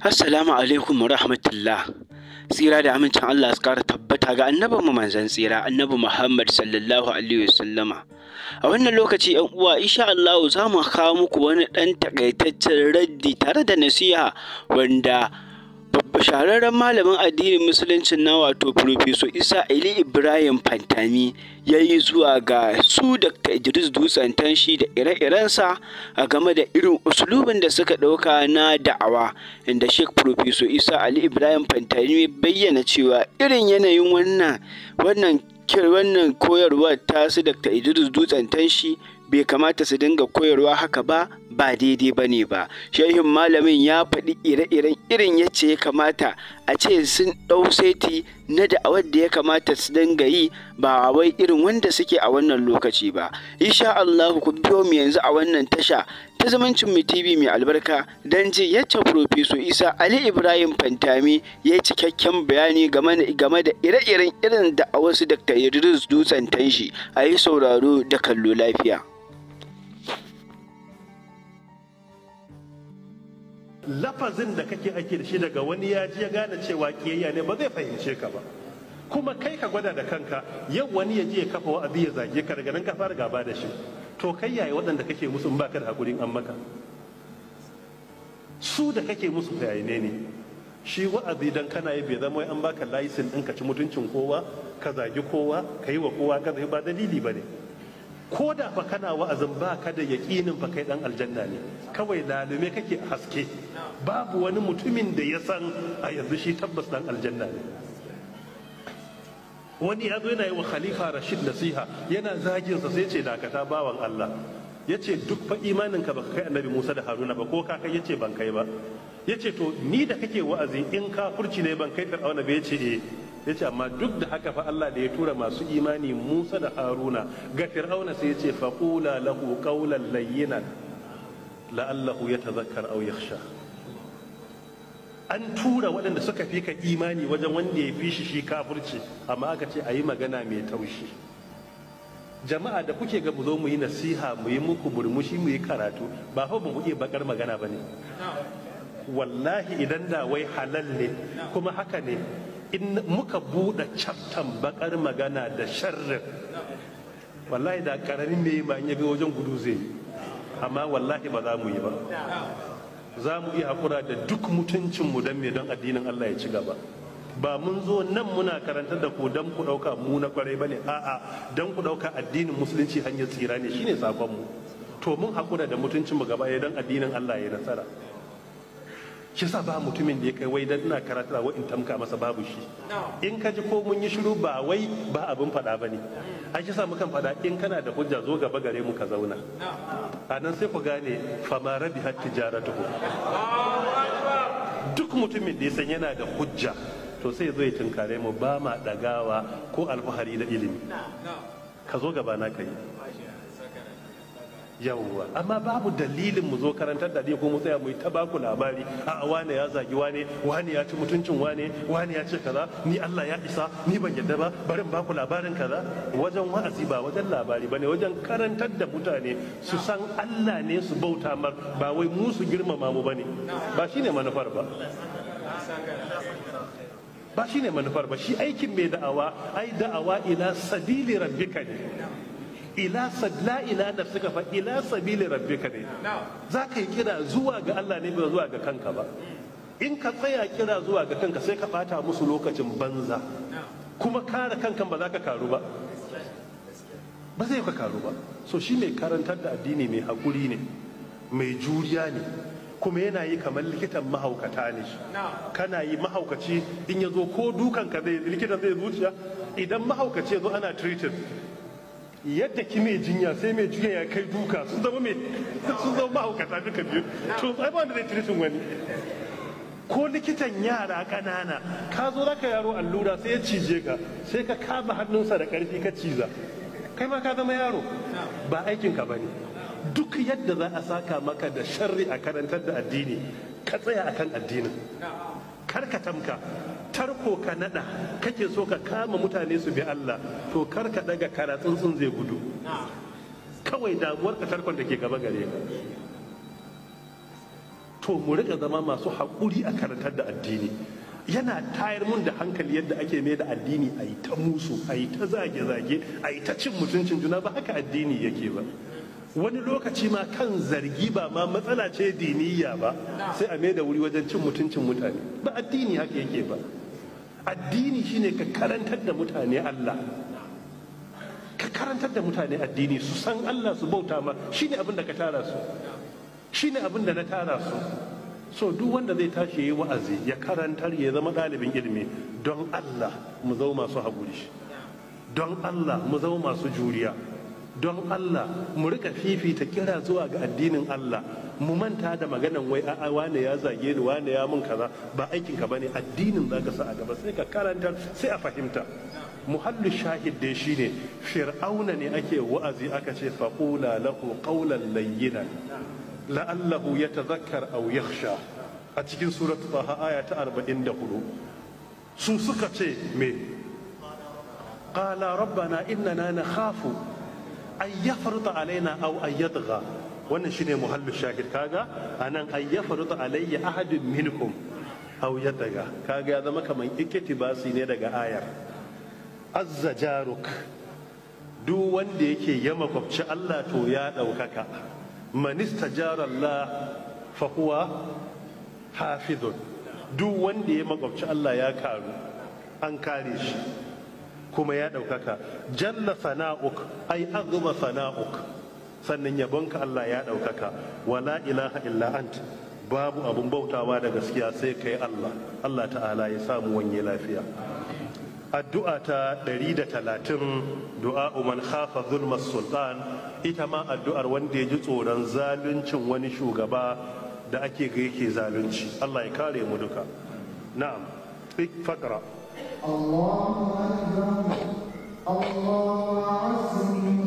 Assalamu alaikum wa rahmatullah. Tsira da amincin Allah su ƙara tabbata ga annabin mu manzon tsira, annabi Muhammad sallallahu alaihi wasallama. A wannan lokaci ‘yan uwa, insha Allah za mu kawo muku wani ɗan takaitaccen raddi tare da nasiha wanda Shahararren malamin addinin Musulunci na wato profeso Isa Ali Ibrahim Fantami ya yi zuwa ga su Dr. Idris Dutsen Tanshi da ire-irensa a game da irin usulubin da suka ɗauka na da'awa inda Sheikh profeso Isa Ali Ibrahim Fantami bayyana cewa irin yanayin wannan wannan wannan koyarwar su Dr. Idris Dutsen Tanshi bai kamata su dinga koyarwa haka ba ba daidai ba ne ba shehin malamin ya faɗi ire-iren irin yace ya kamata a ce sun ɗau seti na da'awar da ya kamata su dinga yi ba wai irin wanda suke a wannan lokaci ba insha Allah ku biyo mu yanzu a wannan tasha ta zumuncin mu TV mai albarka don ji yacce Profeso Isa Ali Ibrahim Fantami ya yi cikakken bayani game da ire-iren irin da a wasu Dr. Idris Dutsen Tanshi a yi sauraro da kallo lafiya. lafazin da kake ake da shi daga wani ya ji ya gane cewa kiyayya ne ba zai fahimce ka ba kuma kai ka gwada da kanka yau wani ya je ya kafa wa'azi ya zage ka daga nan ka fara gaba da shi to kai yayi waɗanda kake musu in baka da hakurin an maka su da kake musu fayayine ne shi wa'azi dan kana yi bai zama an baka laisin din ka ci mutuncin kowa ka zagi kowa ka yi wa kowa ka zai ba dalili ba ne ko da fa kana wa'azin ba ka da yaƙinin fa kai dan aljanna ne kawai lalume kake haske babu wani mutumin da ya san a yanzu shi tabbas dan aljanna ne wani ya zo yana yi wa khalifa rashid nasiha yana zaginsa sai ce dakata bawan allah ya ce duk fa imaninka baka kai annabi musa da haruna ba ko ka kai ya ce ban kai ba ya ce to ni da kake wa'azi in ka kafurci ne ban kai fir'auna ba ya ce eh ya ce amma duk da haka fa Allah da ya tura masu imani Musa da Haruna ga Fir'auna sai ya ce faqula lahu qawlan layyinan la'allahu yatazakkar aw yakhsha an tura waɗanda suka fi ka imani wajen wanda ya fi shi shi kafirci amma aka ce a yi magana mai taushi jama'a da kuke ga mu zo mu yi nasiha mu yi muku murmushi mu yi karatu ba fa mu iya bakar magana ba ne wallahi idan da wai halal ne kuma haka ne in muka buɗe captan bakar magana da sharrin wallahi da karamin mai ma in yabi wajen gudu zai yi amma wallahi ba za mu yi ba za mu iya haƙura da duk mutuncinmu don me don addinin Allah ya ci gaba ba mun zo nan muna karanta da ku don ku ɗauka mu na kwarai ba ne a'a don ku ɗauka addinin musulunci hanyar tsira ne shi shine sakonmu to mun haƙura da mutuncinmu gaba ɗaya don addinin Allah ya nasara shi sa ba mutumin da ya kai wai dan na karatu wa in tamka masa babu shi in ka ji ko mun yi shiru ba wai ba abin fada bane a shi sa mukan fada in kana da hujja zo gaba gare mu ka zauna a nan sai ku gane fama rabi hat tijaratuhu duk mutumin da ya san yana da hujja to sai zo ya tunkare mu ba ma dagawa ko alfahari da ilimi ka zo gaba na kai yawwa amma babu dalilin mu zo karantar da ko mu tsaya mu ta baku labari a wane ya zagi wane wane ya ci mutuncin wane wane ya ce kaza ni Allah ya isa ni ban yadda ba bari baku labarin kaza wajen wa'azi ba wajen labari bane wajen karantar da mutane su san Allah ne su bauta mar ba wai mu su girmama mu bane ba shine manufar ba ba shine manufar ba shi aikin mai da'awa ai da'awa ila sabili rabbika ne ila sabila ila da suka fa ila sabili rabbika ne za ka yi kira zuwa ga Allah ne ba zuwa ga kanka ba in ka tsaya kira zuwa ga kanka sai ka bata musu lokacin banza kuma kare kanka ba za ka karu ba ba zai ka karu ba so shi mai karantar da addini mai hakuri ne mai juriya ne kuma yana yi kamar likitan mahaukata ne kana yi mahaukaci in ya zo ko dukanka zai likitan zai zuciya idan mahaukaci ya ana treated yadda ki mai jinya sai mai jinya ya kai duka sun zama mai sun zama mahaukata duka biyu to sai ba wanda zai sun wani ko likitan yara ƙanana ka zo zaka yaro allura sai ya cije ka sai ka kama hannunsa da karfi ka ciza kai ma ka zama yaro ba aikin ka bane duk yadda za a saka maka da sharri a karantar da addini ka tsaya akan addinin karkatamka tamka tarko ka nada kake so ka kama mutane su bi Allah to karka daga kara tsuntsun zai gudu kawai damuwar ka tarkon da ke gaba gare ka to mu rika zama masu haƙuri a karantar da addini yana tayar mun da hankali yadda ake mai da addini a yi ta musu a yi ta zage-zage a yi ta cin mutuncin juna ba haka addini yake ba wani lokaci ma kan zargi ba ma matsala ce diniya ba sai a da wuri wajen cin mutuncin mutane ba addini haka yake ba addini shine ka karantar da mutane Allah ka karantar da mutane addini su san Allah su bauta ma shine abin da ka tara su shine abin da na tara su so duk wanda zai tashi yayi wa'azi ya karantar ya zama ɗalibin ilimi don Allah mu zama masu haƙuri don Allah mu zama masu juriya don Allah mu rika fifita kira zuwa ga addinin Allah mu manta da maganan wai a'a wane ya zage ni wane ya mun kaza ba aikin ka bane addinin zaka sa a gaba sai ka karanta sai a fahimta muhallu shahid dai shine fir'auna ne ake wa'azi aka ce faqula lahu qawlan layyinan la'allahu yatadhakkar aw yakhsha a cikin suratu taha aya ta 44 su suka ce me qala rabbana innana nakhafu ayyafarta alaina aw ayyadgha wannan shine muhallu shahid kaga anan ayyafarta alayya ahadin minkum au yadda kaga ya zama kaman ikitibasi ne daga ayar azzajaruk duk wanda yake ya makwabci Allah to ya ɗaukaka manista jarallah fa huwa hafizun duk wanda ya makwabci Allah ya karu an kare shi kuma ya ɗaukaka jalla fana'uk ai azuma fana'uk sannan yabonka Allah ya ɗaukaka wala ilaha illa ant babu abun bautawa da gaskiya sai kai Allah Allah ta'ala ya samu wanye lafiya addu'a ta 130 du'a man khafa zulma sultan ita ma addu'ar wanda ya ji tsoron zaluncin wani shugaba da ake ga yake zalunci Allah ya kare mu duka na'am faqra الله أكبر الله عظيم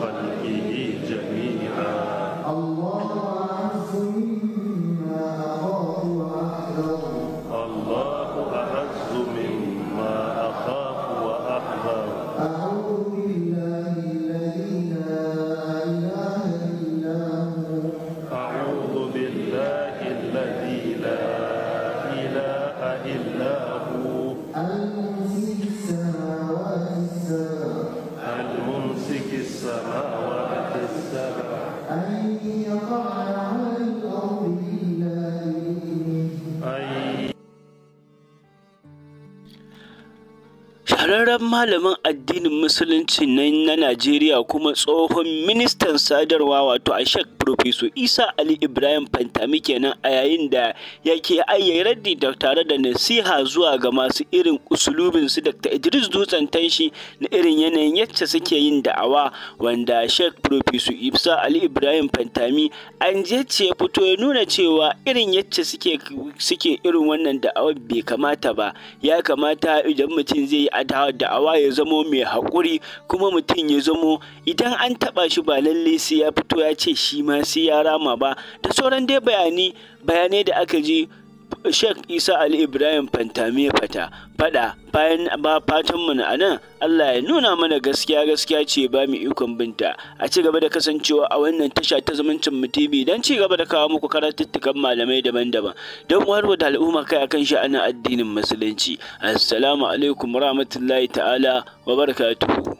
خلقه جميعا ƙwararren malamin addinin musulunci na Najeriya kuma tsohon ministan sadarwa wato a Profesor Isa Ali Ibrahim Fantami kenan a yayin da yake raddi da tare da nasiha zuwa ga masu irin usulubin su Dr. Idris Dutsen Tanshi na irin yanayin yacce suke yin da'awa wanda Sheikh Profesor Isa Ali Ibrahim Fantami an jece ya fito ya nuna cewa irin yacce suke suke irin wannan da'awa bai kamata ba ya kamata idan mutum zai yi da'awa ya zamo mai hakuri kuma mutum ya zamo idan an taɓa shi ba lalle sai ya fito ya ce shi ma masu yara ya rama ba da sauran dai bayani bayanai da aka ji Sheikh Isa Ali Ibrahim Fantami ya fata fada bayan ba fatan mu a nan Allah ya nuna mana gaskiya gaskiya ce ba mu ikon binta a ci gaba da kasancewa a wannan tasha ta zumuncin mu TV dan ci gaba da kawo muku karatuttukan malamai daban-daban don warwa da al'umma kai akan ana addinin musulunci assalamu alaikum rahmatullahi ta'ala wa barakatuhu